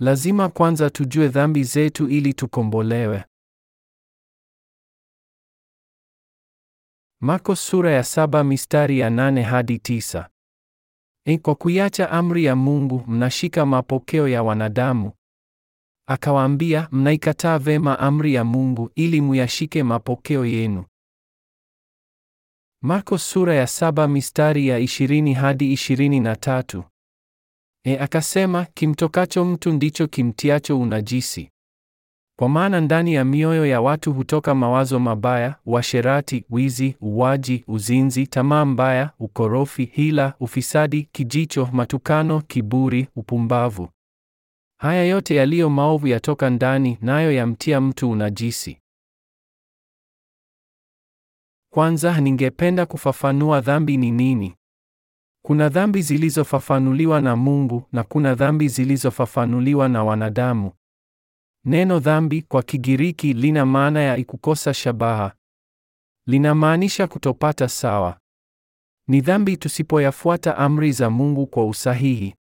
Lazima kwanza tujue dhambi zetu ili tukombolewe. Marko sura ya saba mistari ya nane hadi tisa. E, kwa kuiacha amri ya Mungu mnashika mapokeo ya wanadamu. Akawaambia, mnaikataa vema amri ya Mungu ili muyashike mapokeo yenu. Marko sura ya saba mistari ya ishirini hadi ishirini na tatu. E, akasema kimtokacho mtu ndicho kimtiacho unajisi. Kwa maana ndani ya mioyo ya watu hutoka mawazo mabaya, uasherati, wizi, uwaji, uzinzi, tamaa mbaya, ukorofi, hila, ufisadi, kijicho, matukano, kiburi, upumbavu. Haya yote yaliyo maovu yatoka ndani, nayo yamtia mtu unajisi. Kwanza, ningependa kufafanua dhambi ni nini. Kuna dhambi zilizofafanuliwa na Mungu na kuna dhambi zilizofafanuliwa na wanadamu. Neno dhambi kwa Kigiriki lina maana ya ikukosa shabaha. Linamaanisha kutopata sawa. Ni dhambi tusipoyafuata amri za Mungu kwa usahihi.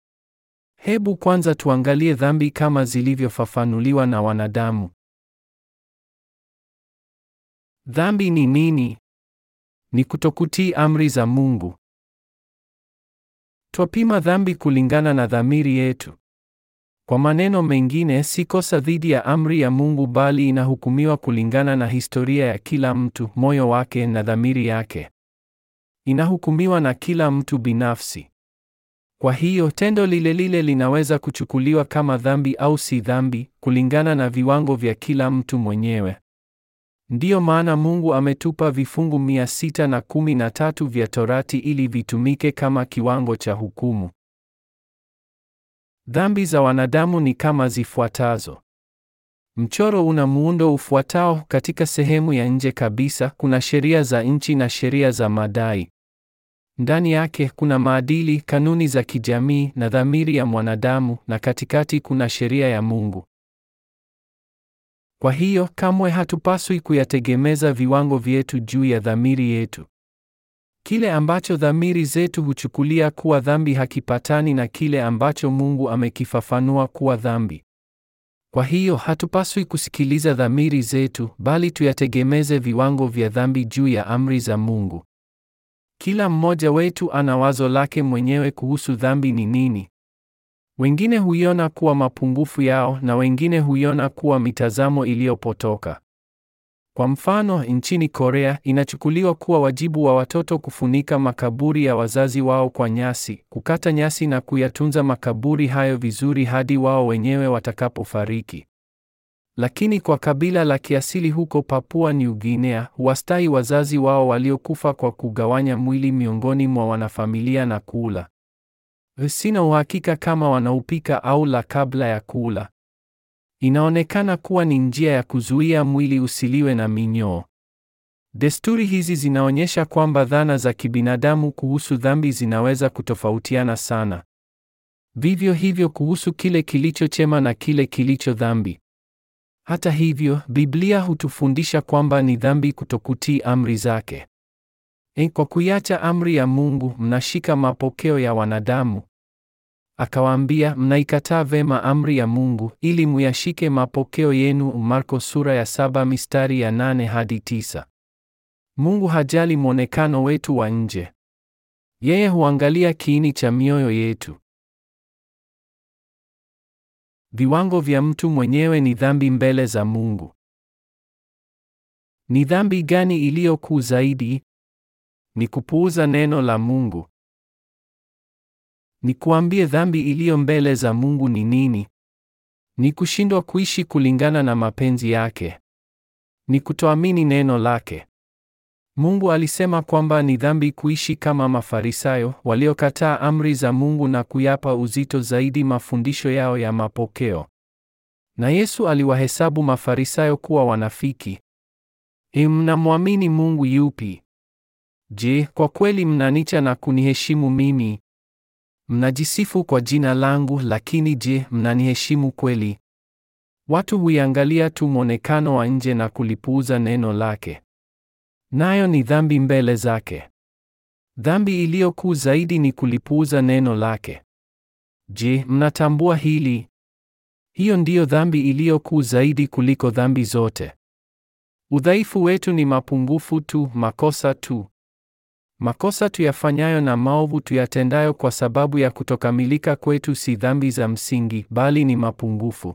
Hebu kwanza tuangalie dhambi kama zilivyofafanuliwa na wanadamu. Dhambi ni nini? Ni kutokutii amri za Mungu. Twapima dhambi kulingana na dhamiri yetu. Kwa maneno mengine, si kosa dhidi ya amri ya Mungu bali inahukumiwa kulingana na historia ya kila mtu, moyo wake na dhamiri yake. Inahukumiwa na kila mtu binafsi. Kwa hiyo tendo lile lile linaweza kuchukuliwa kama dhambi au si dhambi kulingana na viwango vya kila mtu mwenyewe. Ndiyo maana Mungu ametupa vifungu mia sita na kumi na tatu vya Torati ili vitumike kama kiwango cha hukumu. Dhambi za wanadamu ni kama zifuatazo. Mchoro una muundo ufuatao: katika sehemu ya nje kabisa kuna sheria za nchi na sheria za madai. Ndani yake kuna maadili, kanuni za kijamii na dhamiri ya mwanadamu, na katikati kuna sheria ya Mungu. Kwa hiyo kamwe hatupaswi kuyategemeza viwango vyetu juu ya dhamiri yetu. Kile ambacho dhamiri zetu huchukulia kuwa dhambi hakipatani na kile ambacho Mungu amekifafanua kuwa dhambi. Kwa hiyo hatupaswi kusikiliza dhamiri zetu, bali tuyategemeze viwango vya dhambi juu ya amri za Mungu. Kila mmoja wetu ana wazo lake mwenyewe kuhusu dhambi ni nini, wengine huiona kuwa mapungufu yao na wengine huiona kuwa mitazamo iliyopotoka. Kwa mfano, nchini Korea inachukuliwa kuwa wajibu wa watoto kufunika makaburi ya wazazi wao kwa nyasi, kukata nyasi na kuyatunza makaburi hayo vizuri hadi wao wenyewe watakapofariki. Lakini kwa kabila la kiasili huko Papua New Guinea, huwastahi wazazi wao waliokufa kwa kugawanya mwili miongoni mwa wanafamilia na kula. Sina uhakika kama wanaupika au la kabla ya kula. Inaonekana kuwa ni njia ya kuzuia mwili usiliwe na minyoo. Desturi hizi zinaonyesha kwamba dhana za kibinadamu kuhusu dhambi zinaweza kutofautiana sana. Vivyo hivyo kuhusu kile kilicho chema na kile kilicho dhambi. Hata hivyo, Biblia hutufundisha kwamba ni dhambi kutokutii amri zake. E, kwa kuiacha amri ya Mungu mnashika mapokeo ya wanadamu. Akawaambia, mnaikataa vema amri ya Mungu ili muyashike mapokeo yenu. Marko sura ya saba mistari ya nane hadi tisa. Mungu hajali mwonekano wetu wa nje. Yeye huangalia kiini cha mioyo yetu. Viwango vya mtu mwenyewe ni dhambi mbele za Mungu. Ni dhambi gani iliyo kuu zaidi? ni kupuuza neno la Mungu. Nikuambie dhambi iliyo mbele za Mungu ni nini? Ni kushindwa kuishi kulingana na mapenzi yake. Ni kutoamini neno lake. Mungu alisema kwamba ni dhambi kuishi kama Mafarisayo waliokataa amri za Mungu na kuyapa uzito zaidi mafundisho yao ya mapokeo. Na Yesu aliwahesabu Mafarisayo kuwa wanafiki. Mnamwamini Mungu yupi? Je, kwa kweli mnanicha na kuniheshimu mimi? Mnajisifu kwa jina langu, lakini je, mnaniheshimu kweli? Watu huiangalia tu mwonekano wa nje na kulipuuza neno lake, nayo ni dhambi mbele zake. Dhambi iliyo kuu zaidi ni kulipuuza neno lake. Je, mnatambua hili? Hiyo ndiyo dhambi iliyo kuu zaidi kuliko dhambi zote. Udhaifu wetu ni mapungufu tu, makosa tu. Makosa tuyafanyayo na maovu tuyatendayo kwa sababu ya kutokamilika kwetu si dhambi za msingi, bali ni mapungufu.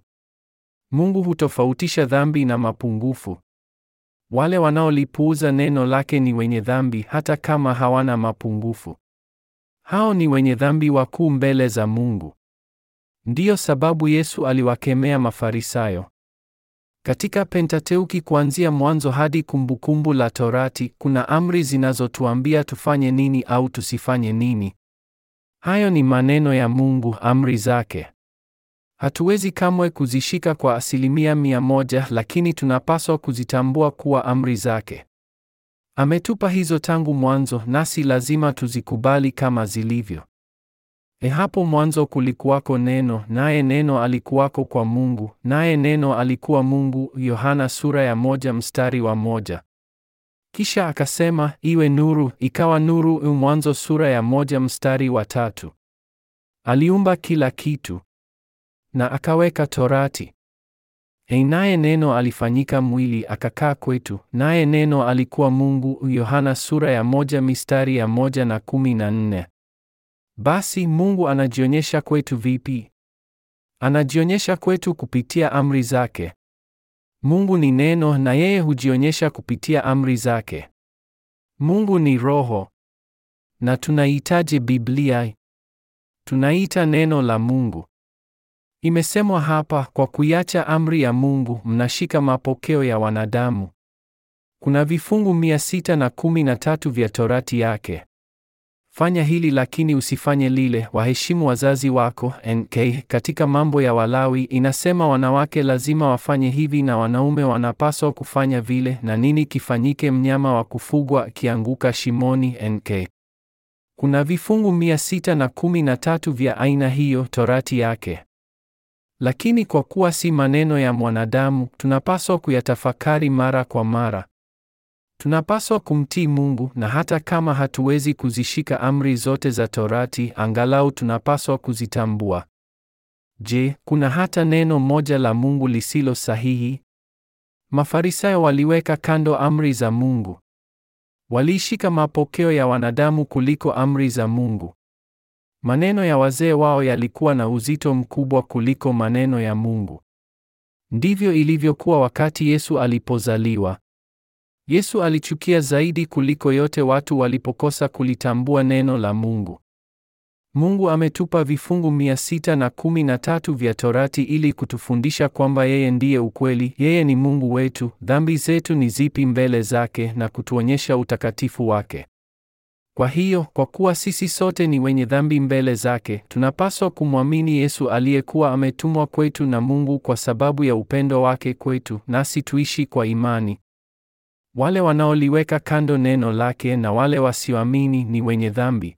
Mungu hutofautisha dhambi na mapungufu. Wale wanaolipuuza neno lake ni wenye dhambi hata kama hawana mapungufu. Hao ni wenye dhambi wakuu mbele za Mungu. Ndiyo sababu Yesu aliwakemea Mafarisayo. Katika Pentateuki kuanzia Mwanzo hadi Kumbukumbu la Torati kuna amri zinazotuambia tufanye nini au tusifanye nini. Hayo ni maneno ya Mungu, amri zake. Hatuwezi kamwe kuzishika kwa asilimia mia moja, lakini tunapaswa kuzitambua kuwa amri zake. Ametupa hizo tangu mwanzo, nasi lazima tuzikubali kama zilivyo. E, hapo mwanzo kulikuwako neno, naye neno alikuwako kwa Mungu, naye neno alikuwa Mungu. Yohana sura ya moja mstari wa moja. Kisha akasema iwe nuru, ikawa nuru. Mwanzo sura ya moja mstari wa tatu. Aliumba kila kitu na akaweka torati. E, naye neno alifanyika mwili akakaa kwetu, naye neno alikuwa Mungu. Yohana sura ya moja mistari ya moja na kumi na nne. Basi Mungu anajionyesha kwetu vipi? Anajionyesha kwetu kupitia amri zake. Mungu ni neno na yeye hujionyesha kupitia amri zake. Mungu ni roho. Na tunahitaji Biblia. Tunaita neno la Mungu. Imesemwa hapa, kwa kuiacha amri ya Mungu mnashika mapokeo ya wanadamu. Kuna vifungu 613 vya Torati yake. Fanya hili lakini usifanye lile. Waheshimu wazazi wako. NK katika Mambo ya Walawi inasema wanawake lazima wafanye hivi na wanaume wanapaswa kufanya vile. Na nini kifanyike mnyama wa kufugwa akianguka shimoni? NK kuna vifungu 613 tatu vya aina hiyo Torati yake. Lakini kwa kuwa si maneno ya mwanadamu, tunapaswa kuyatafakari mara kwa mara. Tunapaswa kumtii Mungu na hata kama hatuwezi kuzishika amri zote za Torati, angalau tunapaswa kuzitambua. Je, kuna hata neno moja la Mungu lisilo sahihi? Mafarisayo waliweka kando amri za Mungu. Waliishika mapokeo ya wanadamu kuliko amri za Mungu. Maneno ya wazee wao yalikuwa na uzito mkubwa kuliko maneno ya Mungu. Ndivyo ilivyokuwa wakati Yesu alipozaliwa. Yesu alichukia zaidi kuliko yote watu walipokosa kulitambua neno la Mungu. Mungu ametupa vifungu 613 vya Torati ili kutufundisha kwamba yeye ndiye ukweli, yeye ni Mungu wetu, dhambi zetu ni zipi mbele zake na kutuonyesha utakatifu wake. Kwa hiyo, kwa kuwa sisi sote ni wenye dhambi mbele zake, tunapaswa kumwamini Yesu aliyekuwa ametumwa kwetu na Mungu kwa sababu ya upendo wake kwetu, nasi tuishi kwa imani. Wale wanaoliweka kando neno lake na wale wasioamini ni wenye dhambi.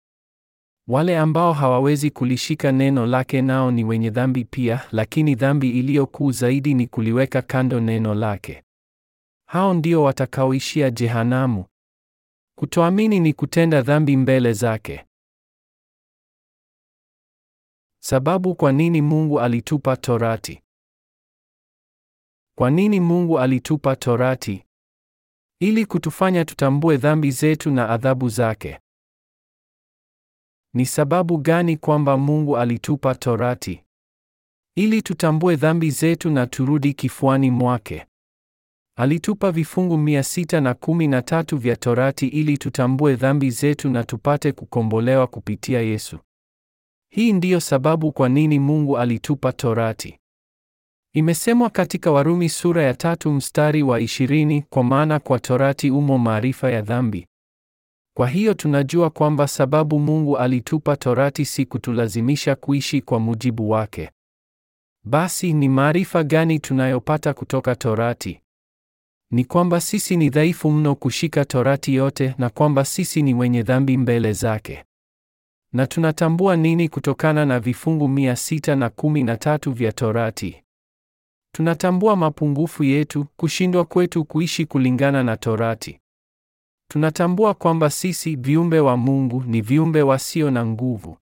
Wale ambao hawawezi kulishika neno lake nao ni wenye dhambi pia, lakini dhambi iliyo kuu zaidi ni kuliweka kando neno lake. Hao ndio watakaoishia jehanamu. Kutoamini ni kutenda dhambi mbele zake. Sababu kwa nini Mungu alitupa Torati? Kwa nini Mungu alitupa Torati? ili kutufanya tutambue dhambi zetu na adhabu zake. Ni sababu gani kwamba Mungu alitupa Torati? Ili tutambue dhambi zetu na turudi kifuani mwake. Alitupa vifungu 613 vya Torati ili tutambue dhambi zetu na tupate kukombolewa kupitia Yesu. Hii ndiyo sababu kwa nini Mungu alitupa Torati. Imesemwa katika Warumi sura ya tatu mstari wa ishirini, kwa maana kwa torati umo maarifa ya dhambi. Kwa hiyo tunajua kwamba sababu Mungu alitupa torati si kutulazimisha kuishi kwa mujibu wake. Basi ni maarifa gani tunayopata kutoka torati? Ni kwamba sisi ni dhaifu mno kushika torati yote na kwamba sisi ni wenye dhambi mbele zake. Na tunatambua nini kutokana na vifungu 613 vya torati? Tunatambua mapungufu yetu, kushindwa kwetu kuishi kulingana na Torati. Tunatambua kwamba sisi viumbe wa Mungu ni viumbe wasio na nguvu.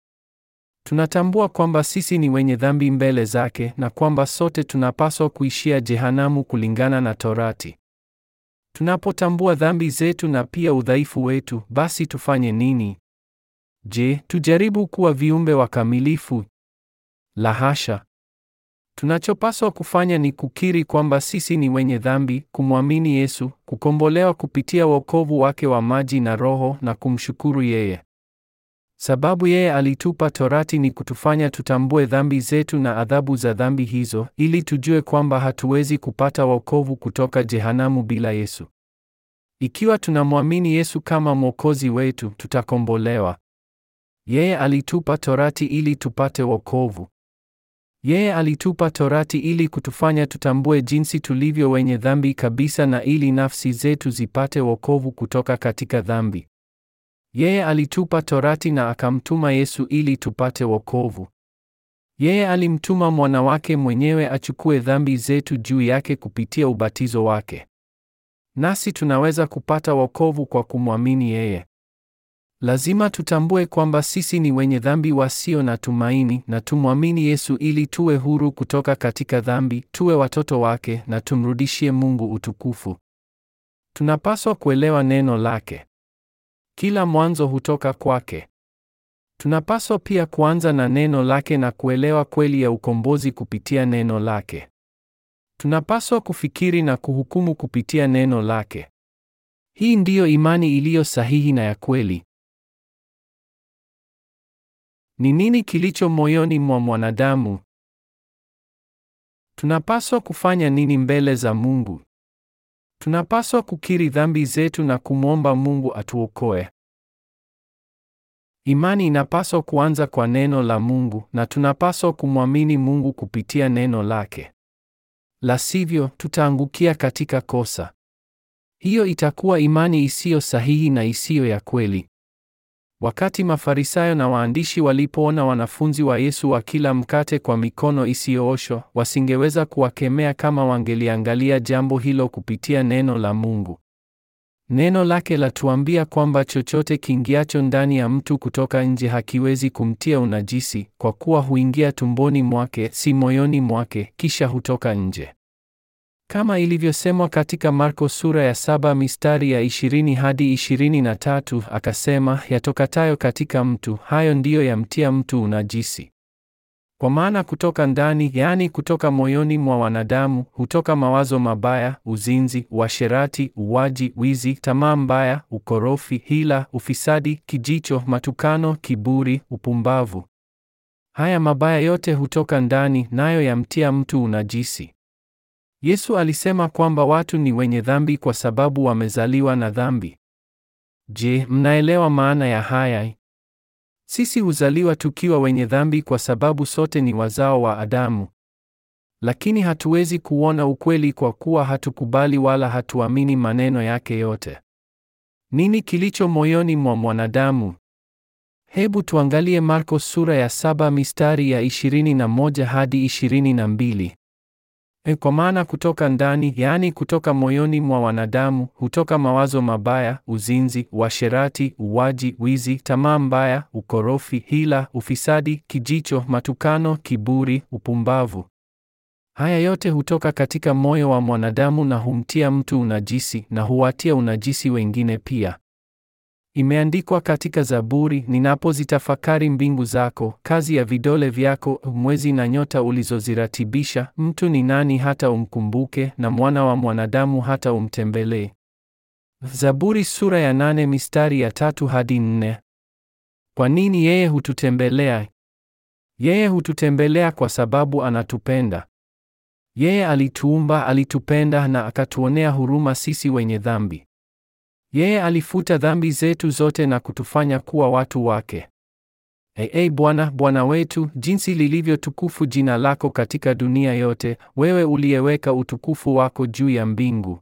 Tunatambua kwamba sisi ni wenye dhambi mbele zake na kwamba sote tunapaswa kuishia jehanamu kulingana na Torati. Tunapotambua dhambi zetu na pia udhaifu wetu, basi tufanye nini? Je, tujaribu kuwa viumbe wakamilifu? hasha. Tunachopaswa kufanya ni kukiri kwamba sisi ni wenye dhambi, kumwamini Yesu, kukombolewa kupitia wokovu wake wa maji na Roho na kumshukuru yeye. Sababu yeye alitupa Torati ni kutufanya tutambue dhambi zetu na adhabu za dhambi hizo, ili tujue kwamba hatuwezi kupata wokovu kutoka jehanamu bila Yesu. Ikiwa tunamwamini Yesu kama mwokozi wetu, tutakombolewa. Yeye alitupa Torati ili tupate wokovu. Yeye alitupa Torati ili kutufanya tutambue jinsi tulivyo wenye dhambi kabisa na ili nafsi zetu zipate wokovu kutoka katika dhambi. Yeye alitupa Torati na akamtuma Yesu ili tupate wokovu. Yeye alimtuma mwana wake mwenyewe achukue dhambi zetu juu yake kupitia ubatizo wake. Nasi tunaweza kupata wokovu kwa kumwamini yeye. Lazima tutambue kwamba sisi ni wenye dhambi wasio na tumaini na tumwamini Yesu ili tuwe huru kutoka katika dhambi, tuwe watoto wake na tumrudishie Mungu utukufu. Tunapaswa kuelewa neno lake. Kila mwanzo hutoka kwake. Tunapaswa pia kuanza na neno lake na kuelewa kweli ya ukombozi kupitia neno lake. Tunapaswa kufikiri na kuhukumu kupitia neno lake. Hii ndiyo imani iliyo sahihi na ya kweli. Ni nini kilicho moyoni mwa mwanadamu? Tunapaswa kufanya nini mbele za Mungu? Tunapaswa kukiri dhambi zetu na kumwomba Mungu atuokoe. Imani inapaswa kuanza kwa neno la Mungu na tunapaswa kumwamini Mungu kupitia neno lake. La sivyo, tutaangukia katika kosa. Hiyo itakuwa imani isiyo sahihi na isiyo ya kweli. Wakati Mafarisayo na waandishi walipoona wanafunzi wa Yesu wakila mkate kwa mikono isiyooshwa, wasingeweza kuwakemea kama wangeliangalia jambo hilo kupitia neno la Mungu. Neno lake latuambia kwamba chochote kiingiacho ndani ya mtu kutoka nje hakiwezi kumtia unajisi, kwa kuwa huingia tumboni mwake, si moyoni mwake, kisha hutoka nje. Kama ilivyosemwa katika Marko sura ya saba mistari ya ishirini hadi ishirini na tatu akasema, yatokatayo katika mtu hayo ndiyo yamtia mtu unajisi. Kwa maana kutoka ndani, yaani kutoka moyoni mwa wanadamu, hutoka mawazo mabaya, uzinzi, uasherati, uwaji, wizi, tamaa mbaya, ukorofi, hila, ufisadi, kijicho, matukano, kiburi, upumbavu. Haya mabaya yote hutoka ndani, nayo yamtia mtu unajisi. Yesu alisema kwamba watu ni wenye dhambi kwa sababu wamezaliwa na dhambi. Je, mnaelewa maana ya haya? Sisi huzaliwa tukiwa wenye dhambi kwa sababu sote ni wazao wa Adamu. Lakini hatuwezi kuona ukweli kwa kuwa hatukubali wala hatuamini maneno yake yote. Nini kilicho moyoni mwa mwanadamu? Hebu tuangalie Marko sura ya saba mistari ya 21 hadi 22. E, kwa maana kutoka ndani, yaani kutoka moyoni mwa wanadamu, hutoka mawazo mabaya, uzinzi, uasherati, uwaji, wizi, tamaa mbaya, ukorofi, hila, ufisadi, kijicho, matukano, kiburi, upumbavu. Haya yote hutoka katika moyo wa mwanadamu na humtia mtu unajisi na huwatia unajisi wengine pia. Imeandikwa katika Zaburi, ninapozitafakari mbingu zako, kazi ya vidole vyako, mwezi na nyota ulizoziratibisha, mtu ni nani hata umkumbuke, na mwana wa mwanadamu hata umtembelee? Zaburi sura ya nane mistari ya tatu hadi nne. Kwa nini yeye hututembelea? Yeye hututembelea kwa sababu anatupenda. Yeye alituumba, alitupenda na akatuonea huruma sisi wenye dhambi. Yeye alifuta dhambi zetu zote na kutufanya kuwa watu wake. Ee hey, ee, hey, Bwana, Bwana wetu, jinsi lilivyo tukufu jina lako katika dunia yote, wewe uliyeweka utukufu wako juu ya mbingu.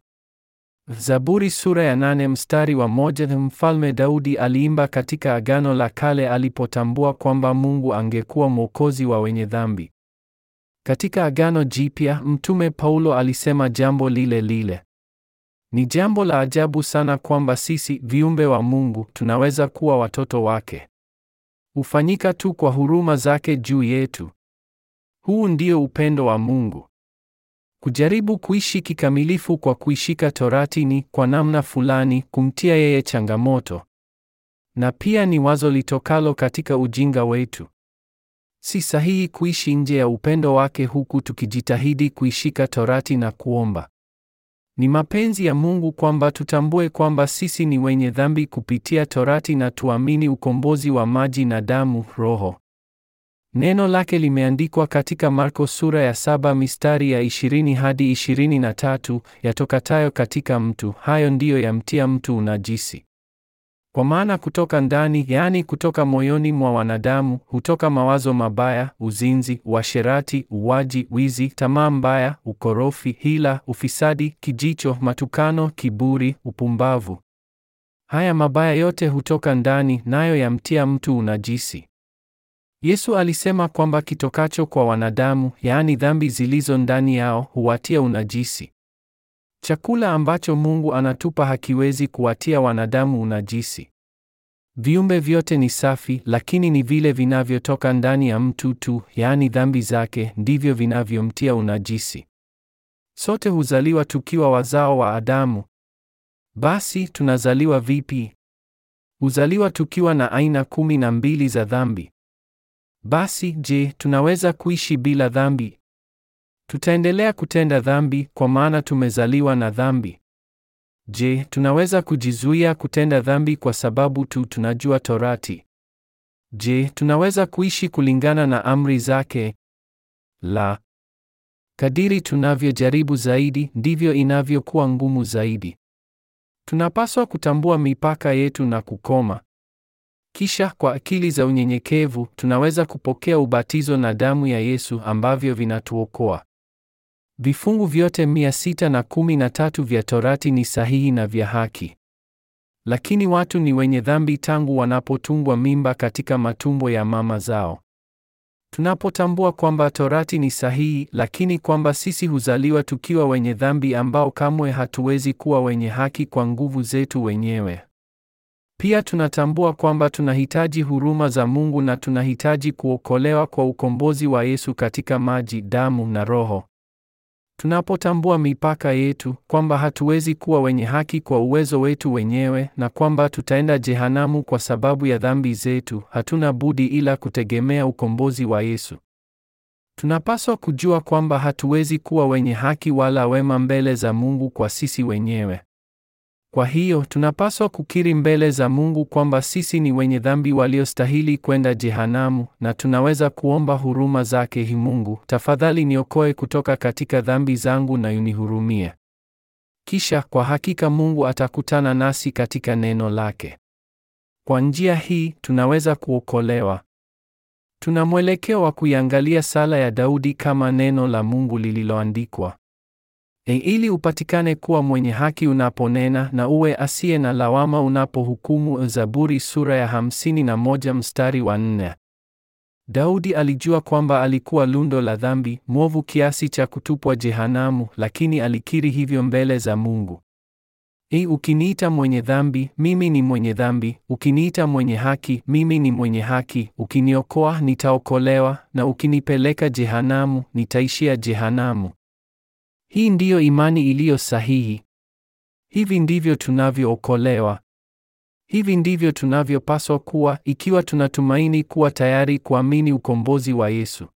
Zaburi sura ya nane mstari wa moja. Mfalme Daudi aliimba katika Agano la Kale alipotambua kwamba Mungu angekuwa mwokozi wa wenye dhambi. Katika Agano Jipya, Mtume Paulo alisema jambo lile lile. Ni jambo la ajabu sana kwamba sisi viumbe wa Mungu tunaweza kuwa watoto wake. Hufanyika tu kwa huruma zake juu yetu. Huu ndio upendo wa Mungu. Kujaribu kuishi kikamilifu kwa kuishika torati ni kwa namna fulani kumtia yeye changamoto, na pia ni wazo litokalo katika ujinga wetu. Si sahihi kuishi nje ya upendo wake huku tukijitahidi kuishika torati na kuomba. Ni mapenzi ya Mungu kwamba tutambue kwamba sisi ni wenye dhambi kupitia Torati na tuamini ukombozi wa maji na damu, Roho. Neno lake limeandikwa katika Marko sura ya saba mistari ya 20 hadi 23 yatokatayo katika mtu, hayo ndiyo yamtia mtu unajisi. Kwa maana kutoka ndani, yaani kutoka moyoni mwa wanadamu, hutoka mawazo mabaya, uzinzi, uasherati, uwaji, wizi, tamaa mbaya, ukorofi, hila, ufisadi, kijicho, matukano, kiburi, upumbavu. Haya mabaya yote hutoka ndani, nayo yamtia mtu unajisi. Yesu alisema kwamba kitokacho kwa wanadamu, yaani dhambi zilizo ndani yao, huwatia unajisi. Chakula ambacho Mungu anatupa hakiwezi kuwatia wanadamu unajisi. Viumbe vyote ni safi, lakini ni vile vinavyotoka ndani ya mtu tu, yaani dhambi zake, ndivyo vinavyomtia unajisi. Sote huzaliwa tukiwa wazao wa Adamu. Basi tunazaliwa vipi? Huzaliwa tukiwa na aina kumi na mbili za dhambi. Basi je, tunaweza kuishi bila dhambi? tutaendelea kutenda dhambi kwa maana tumezaliwa na dhambi. Je, tunaweza kujizuia kutenda dhambi kwa sababu tu tunajua Torati? Je, tunaweza kuishi kulingana na amri zake? La. Kadiri tunavyojaribu zaidi, ndivyo inavyokuwa ngumu zaidi. Tunapaswa kutambua mipaka yetu na kukoma. Kisha kwa akili za unyenyekevu tunaweza kupokea ubatizo na damu ya Yesu ambavyo vinatuokoa. Vifungu vyote mia sita na kumi na tatu vya Torati ni sahihi na vya haki. Lakini watu ni wenye dhambi tangu wanapotungwa mimba katika matumbo ya mama zao. Tunapotambua kwamba Torati ni sahihi, lakini kwamba sisi huzaliwa tukiwa wenye dhambi ambao kamwe hatuwezi kuwa wenye haki kwa nguvu zetu wenyewe. Pia tunatambua kwamba tunahitaji huruma za Mungu na tunahitaji kuokolewa kwa ukombozi wa Yesu katika maji, damu na Roho. Tunapotambua mipaka yetu, kwamba hatuwezi kuwa wenye haki kwa uwezo wetu wenyewe na kwamba tutaenda jehanamu kwa sababu ya dhambi zetu, hatuna budi ila kutegemea ukombozi wa Yesu. Tunapaswa kujua kwamba hatuwezi kuwa wenye haki wala wema mbele za Mungu kwa sisi wenyewe. Kwa hiyo tunapaswa kukiri mbele za Mungu kwamba sisi ni wenye dhambi waliostahili kwenda jehanamu, na tunaweza kuomba huruma zake. Hi Mungu, tafadhali niokoe kutoka katika dhambi zangu na unihurumie. Kisha kwa hakika Mungu atakutana nasi katika neno lake. Kwa njia hii tunaweza kuokolewa. Tuna mwelekeo wa kuiangalia sala ya Daudi kama neno la Mungu lililoandikwa. E, ili upatikane kuwa mwenye haki unaponena na uwe asiye na lawama unapohukumu. Eh, Zaburi sura ya hamsini na moja mstari wa nne. Daudi alijua kwamba alikuwa lundo la dhambi, mwovu kiasi cha kutupwa jehanamu, lakini alikiri hivyo mbele za Mungu. E, ukiniita mwenye dhambi, mimi ni mwenye dhambi; ukiniita mwenye haki, mimi ni mwenye haki; ukiniokoa, nitaokolewa; na ukinipeleka jehanamu, nitaishia jehanamu. Hii ndiyo imani iliyo sahihi. Hivi ndivyo tunavyookolewa. Hivi ndivyo tunavyopaswa kuwa ikiwa tunatumaini kuwa tayari kuamini ukombozi wa Yesu.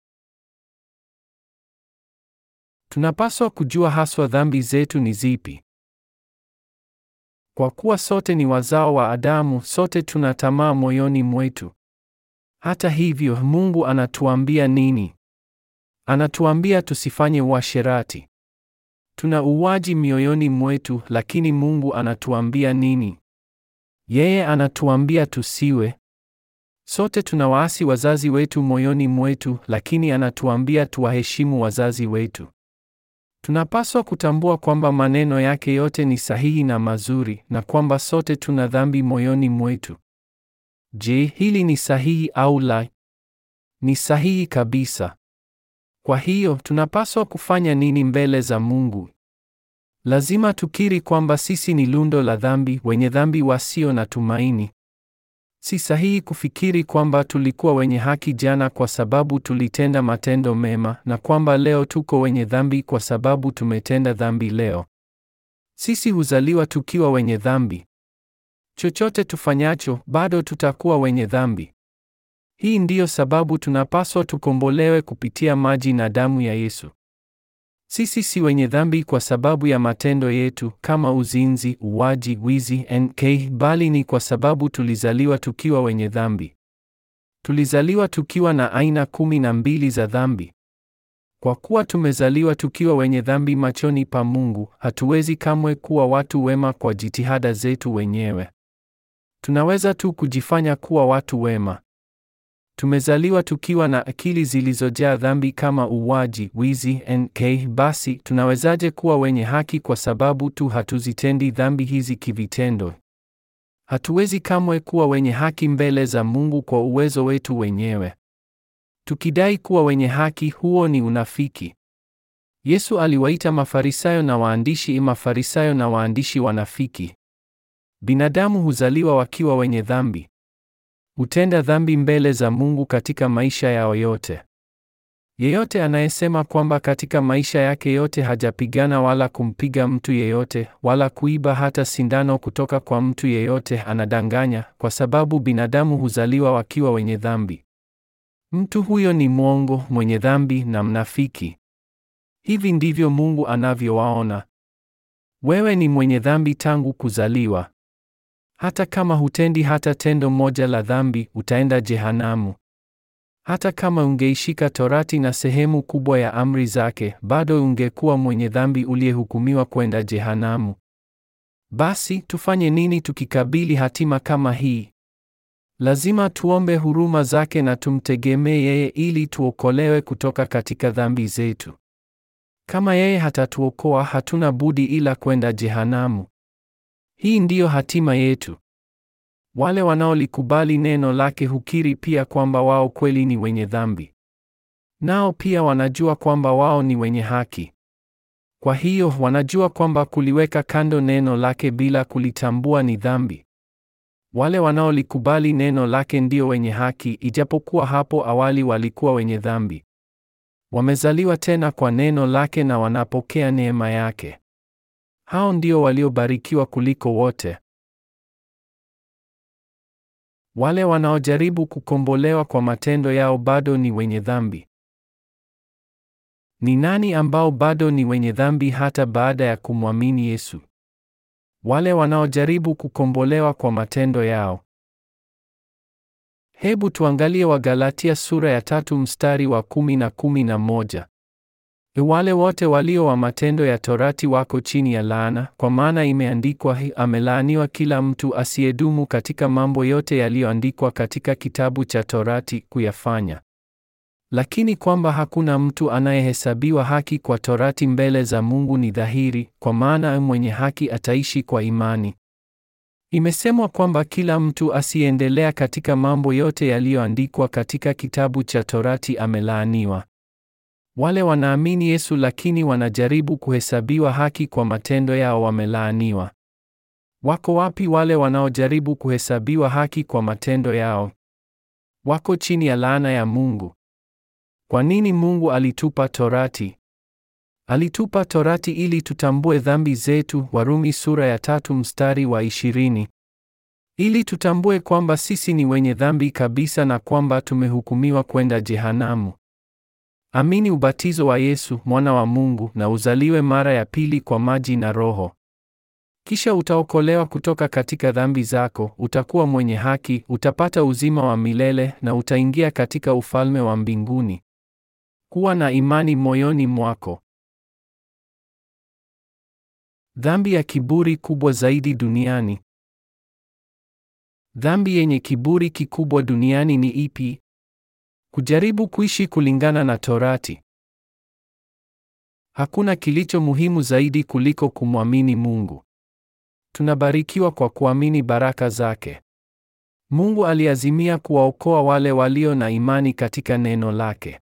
Tunapaswa kujua haswa dhambi zetu ni zipi. Kwa kuwa sote ni wazao wa Adamu, sote tuna tamaa moyoni mwetu. Hata hivyo, Mungu anatuambia nini? Anatuambia tusifanye uasherati. Tuna uwaji mioyoni mwetu, lakini Mungu anatuambia nini? Yeye anatuambia tusiwe. Sote tunawaasi wazazi wetu moyoni mwetu, lakini anatuambia tuwaheshimu wazazi wetu. Tunapaswa kutambua kwamba maneno yake yote ni sahihi na mazuri na kwamba sote tuna dhambi moyoni mwetu. Je, hili ni sahihi au la? Ni sahihi kabisa. Kwa hiyo tunapaswa kufanya nini mbele za Mungu? Lazima tukiri kwamba sisi ni lundo la dhambi, wenye dhambi wasio na tumaini. Si sahihi kufikiri kwamba tulikuwa wenye haki jana kwa sababu tulitenda matendo mema na kwamba leo tuko wenye dhambi kwa sababu tumetenda dhambi leo. Sisi huzaliwa tukiwa wenye dhambi. Chochote tufanyacho, bado tutakuwa wenye dhambi. Hii ndiyo sababu tunapaswa tukombolewe kupitia maji na damu ya Yesu. Sisi si wenye dhambi kwa sababu ya matendo yetu kama uzinzi, uwaji, wizi, nk, bali ni kwa sababu tulizaliwa tukiwa wenye dhambi. Tulizaliwa tukiwa na aina kumi na mbili za dhambi. Kwa kuwa tumezaliwa tukiwa wenye dhambi machoni pa Mungu, hatuwezi kamwe kuwa watu wema kwa jitihada zetu wenyewe. Tunaweza tu kujifanya kuwa watu wema. Tumezaliwa tukiwa na akili zilizojaa dhambi kama uwaji, wizi, nk. Basi tunawezaje kuwa wenye haki kwa sababu tu hatuzitendi dhambi hizi kivitendo? Hatuwezi kamwe kuwa wenye haki mbele za Mungu kwa uwezo wetu wenyewe. Tukidai kuwa wenye haki, huo ni unafiki. Yesu aliwaita Mafarisayo na waandishi Mafarisayo na waandishi wanafiki. Binadamu huzaliwa wakiwa wenye dhambi hutenda dhambi mbele za Mungu katika maisha yao yote. Yeyote anayesema kwamba katika maisha yake yote hajapigana wala kumpiga mtu yeyote wala kuiba hata sindano kutoka kwa mtu yeyote anadanganya, kwa sababu binadamu huzaliwa wakiwa wenye dhambi. Mtu huyo ni mwongo, mwenye dhambi na mnafiki. Hivi ndivyo Mungu anavyowaona. Wewe ni mwenye dhambi tangu kuzaliwa. Hata kama hutendi hata tendo moja la dhambi, utaenda jehanamu. Hata kama ungeishika Torati na sehemu kubwa ya amri zake, bado ungekuwa mwenye dhambi uliyehukumiwa kwenda jehanamu. Basi tufanye nini tukikabili hatima kama hii? Lazima tuombe huruma zake na tumtegemee yeye ili tuokolewe kutoka katika dhambi zetu. Kama yeye hatatuokoa, hatuna budi ila kwenda jehanamu. Hii ndiyo hatima yetu. Wale wanaolikubali neno lake hukiri pia kwamba wao kweli ni wenye dhambi. Nao pia wanajua kwamba wao ni wenye haki. Kwa hiyo wanajua kwamba kuliweka kando neno lake bila kulitambua ni dhambi. Wale wanaolikubali neno lake ndio wenye haki, ijapokuwa hapo awali walikuwa wenye dhambi. Wamezaliwa tena kwa neno lake na wanapokea neema yake. Hao ndio waliobarikiwa kuliko wote. Wale wanaojaribu kukombolewa kwa matendo yao bado ni wenye dhambi. Ni nani ambao bado ni wenye dhambi hata baada ya kumwamini Yesu? Wale wanaojaribu kukombolewa kwa matendo yao. Hebu tuangalie Wagalatia sura ya tatu mstari wa kumi na kumi na moja. Wale wote walio wa matendo ya torati wako chini ya laana, kwa maana imeandikwa, amelaaniwa kila mtu asiyedumu katika mambo yote yaliyoandikwa katika kitabu cha torati kuyafanya. Lakini kwamba hakuna mtu anayehesabiwa haki kwa torati mbele za Mungu ni dhahiri, kwa maana mwenye haki ataishi kwa imani. Imesemwa kwamba kila mtu asiyeendelea katika mambo yote yaliyoandikwa katika kitabu cha torati amelaaniwa. Wale wanaamini Yesu lakini wanajaribu kuhesabiwa haki kwa matendo yao wamelaaniwa. Wako wapi wale wanaojaribu kuhesabiwa haki kwa matendo yao? Wako chini ya laana ya Mungu. Kwa nini Mungu alitupa Torati? Alitupa Torati ili tutambue dhambi zetu, Warumi sura ya tatu mstari wa ishirini. Ili tutambue kwamba sisi ni wenye dhambi kabisa na kwamba tumehukumiwa kwenda jehanamu. Amini ubatizo wa Yesu mwana wa Mungu na uzaliwe mara ya pili kwa maji na Roho. Kisha utaokolewa kutoka katika dhambi zako, utakuwa mwenye haki, utapata uzima wa milele na utaingia katika ufalme wa mbinguni. Kuwa na imani moyoni mwako. Dhambi ya kiburi kubwa zaidi duniani. Dhambi yenye kiburi kikubwa duniani ni ipi? Kujaribu kuishi kulingana na Torati. Hakuna kilicho muhimu zaidi kuliko kumwamini Mungu. Tunabarikiwa kwa kuamini baraka zake. Mungu aliazimia kuwaokoa wale walio na imani katika neno lake.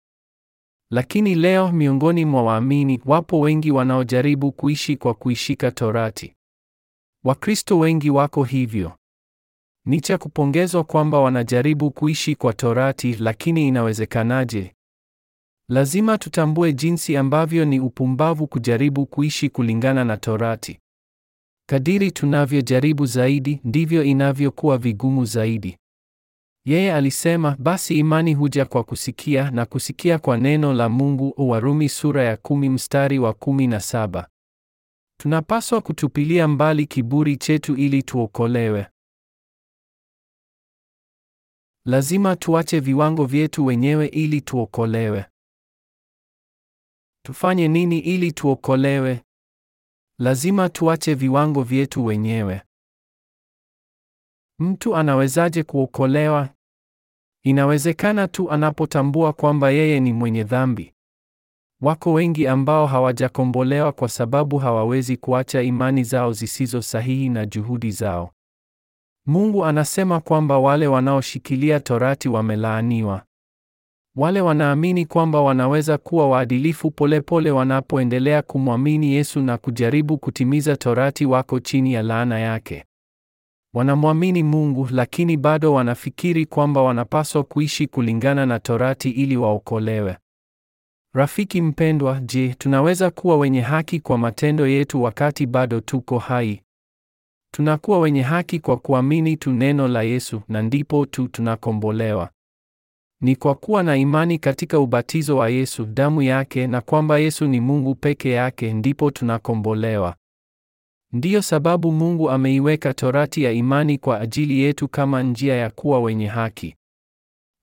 Lakini leo miongoni mwa waamini wapo wengi wanaojaribu kuishi kwa kuishika Torati. Wakristo wengi wako hivyo. Ni cha kupongezwa kwamba wanajaribu kuishi kwa Torati, lakini inawezekanaje? Lazima tutambue jinsi ambavyo ni upumbavu kujaribu kuishi kulingana na Torati. Kadiri tunavyojaribu zaidi, ndivyo inavyokuwa vigumu zaidi. Yeye alisema, basi imani huja kwa kusikia na kusikia kwa neno la Mungu, Warumi sura ya kumi mstari wa kumi na saba. Tunapaswa kutupilia mbali kiburi chetu ili tuokolewe. Lazima tuache viwango vyetu wenyewe ili tuokolewe. Tufanye nini ili tuokolewe? Lazima tuache viwango vyetu wenyewe. Mtu anawezaje kuokolewa? Inawezekana tu anapotambua kwamba yeye ni mwenye dhambi. Wako wengi ambao hawajakombolewa kwa sababu hawawezi kuacha imani zao zisizo sahihi na juhudi zao. Mungu anasema kwamba wale wanaoshikilia torati wamelaaniwa. Wale wanaamini kwamba wanaweza kuwa waadilifu polepole wanapoendelea kumwamini Yesu na kujaribu kutimiza torati wako chini ya laana yake. Wanamwamini Mungu lakini bado wanafikiri kwamba wanapaswa kuishi kulingana na torati ili waokolewe. Rafiki mpendwa, je, tunaweza kuwa wenye haki kwa matendo yetu wakati bado tuko hai? Tunakuwa wenye haki kwa kuamini tu neno la Yesu na ndipo tu tunakombolewa. Ni kwa kuwa na imani katika ubatizo wa Yesu, damu yake na kwamba Yesu ni Mungu peke yake ndipo tunakombolewa. Ndiyo sababu Mungu ameiweka torati ya imani kwa ajili yetu kama njia ya kuwa wenye haki.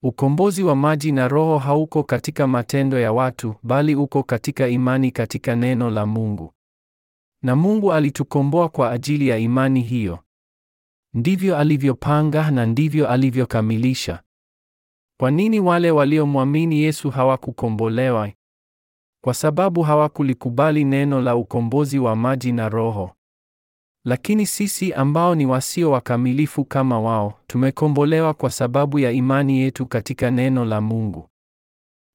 Ukombozi wa maji na Roho hauko katika matendo ya watu, bali uko katika imani katika neno la Mungu na Mungu alitukomboa kwa ajili ya imani hiyo. Ndivyo alivyopanga na ndivyo alivyokamilisha. Kwa nini wale waliomwamini Yesu hawakukombolewa? Kwa sababu hawakulikubali neno la ukombozi wa maji na Roho. Lakini sisi ambao ni wasio wakamilifu kama wao, tumekombolewa kwa sababu ya imani yetu katika neno la Mungu.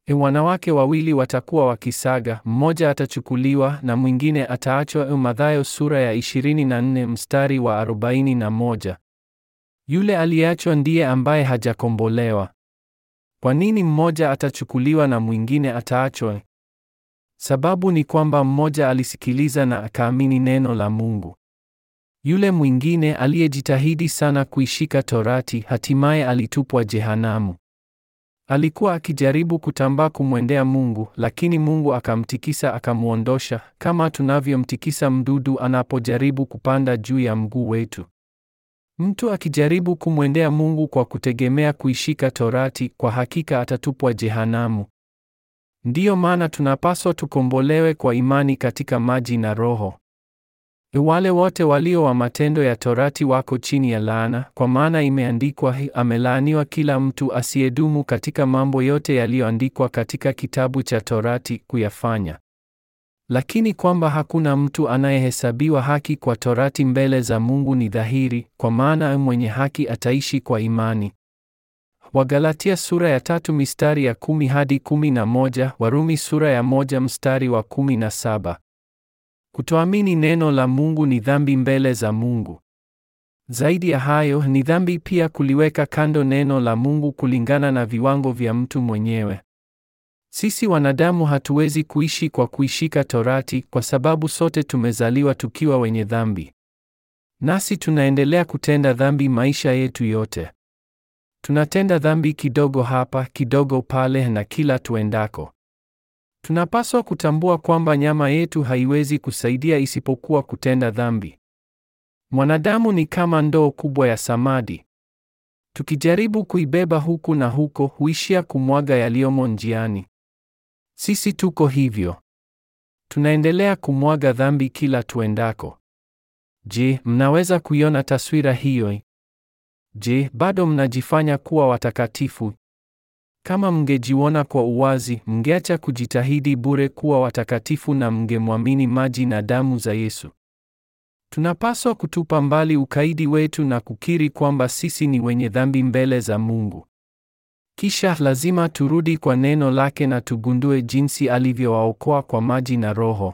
E, wanawake wawili watakuwa wakisaga, mmoja atachukuliwa na mwingine ataachwa. E, Mathayo sura ya 24 mstari wa 41. Yule aliyeachwa ndiye ambaye hajakombolewa. Kwa nini mmoja atachukuliwa na mwingine ataachwa? Sababu ni kwamba mmoja alisikiliza na akaamini neno la Mungu. Yule mwingine aliyejitahidi sana kuishika Torati hatimaye alitupwa jehanamu. Alikuwa akijaribu kutambaa kumwendea Mungu, lakini Mungu akamtikisa akamwondosha, kama tunavyomtikisa mdudu anapojaribu kupanda juu ya mguu wetu. Mtu akijaribu kumwendea Mungu kwa kutegemea kuishika Torati, kwa hakika atatupwa jehanamu. Ndiyo maana tunapaswa tukombolewe kwa imani katika maji na Roho. Wale wote walio wa matendo ya torati wako chini ya laana, kwa maana imeandikwa, amelaaniwa kila mtu asiyedumu katika mambo yote yaliyoandikwa katika kitabu cha torati kuyafanya. Lakini kwamba hakuna mtu anayehesabiwa haki kwa torati mbele za Mungu ni dhahiri, kwa maana mwenye haki ataishi kwa imani. Wagalatia sura ya tatu mistari ya kumi hadi kumi na moja, Warumi sura ya moja mstari wa kumi na saba. Kutoamini neno la Mungu ni dhambi mbele za Mungu. Zaidi ya hayo, ni dhambi pia kuliweka kando neno la Mungu kulingana na viwango vya mtu mwenyewe. Sisi wanadamu hatuwezi kuishi kwa kuishika Torati kwa sababu sote tumezaliwa tukiwa wenye dhambi. Nasi tunaendelea kutenda dhambi maisha yetu yote. Tunatenda dhambi kidogo hapa, kidogo pale na kila tuendako. Tunapaswa kutambua kwamba nyama yetu haiwezi kusaidia isipokuwa kutenda dhambi. Mwanadamu ni kama ndoo kubwa ya samadi. Tukijaribu kuibeba huku na huko, huishia kumwaga yaliyomo njiani. Sisi tuko hivyo. Tunaendelea kumwaga dhambi kila tuendako. Je, mnaweza kuiona taswira hiyo? Je, bado mnajifanya kuwa watakatifu? Kama mngejiona kwa uwazi, mngeacha kujitahidi bure kuwa watakatifu na mngemwamini maji na damu za Yesu. Tunapaswa kutupa mbali ukaidi wetu na kukiri kwamba sisi ni wenye dhambi mbele za Mungu. Kisha lazima turudi kwa neno lake na tugundue jinsi alivyowaokoa kwa maji na Roho.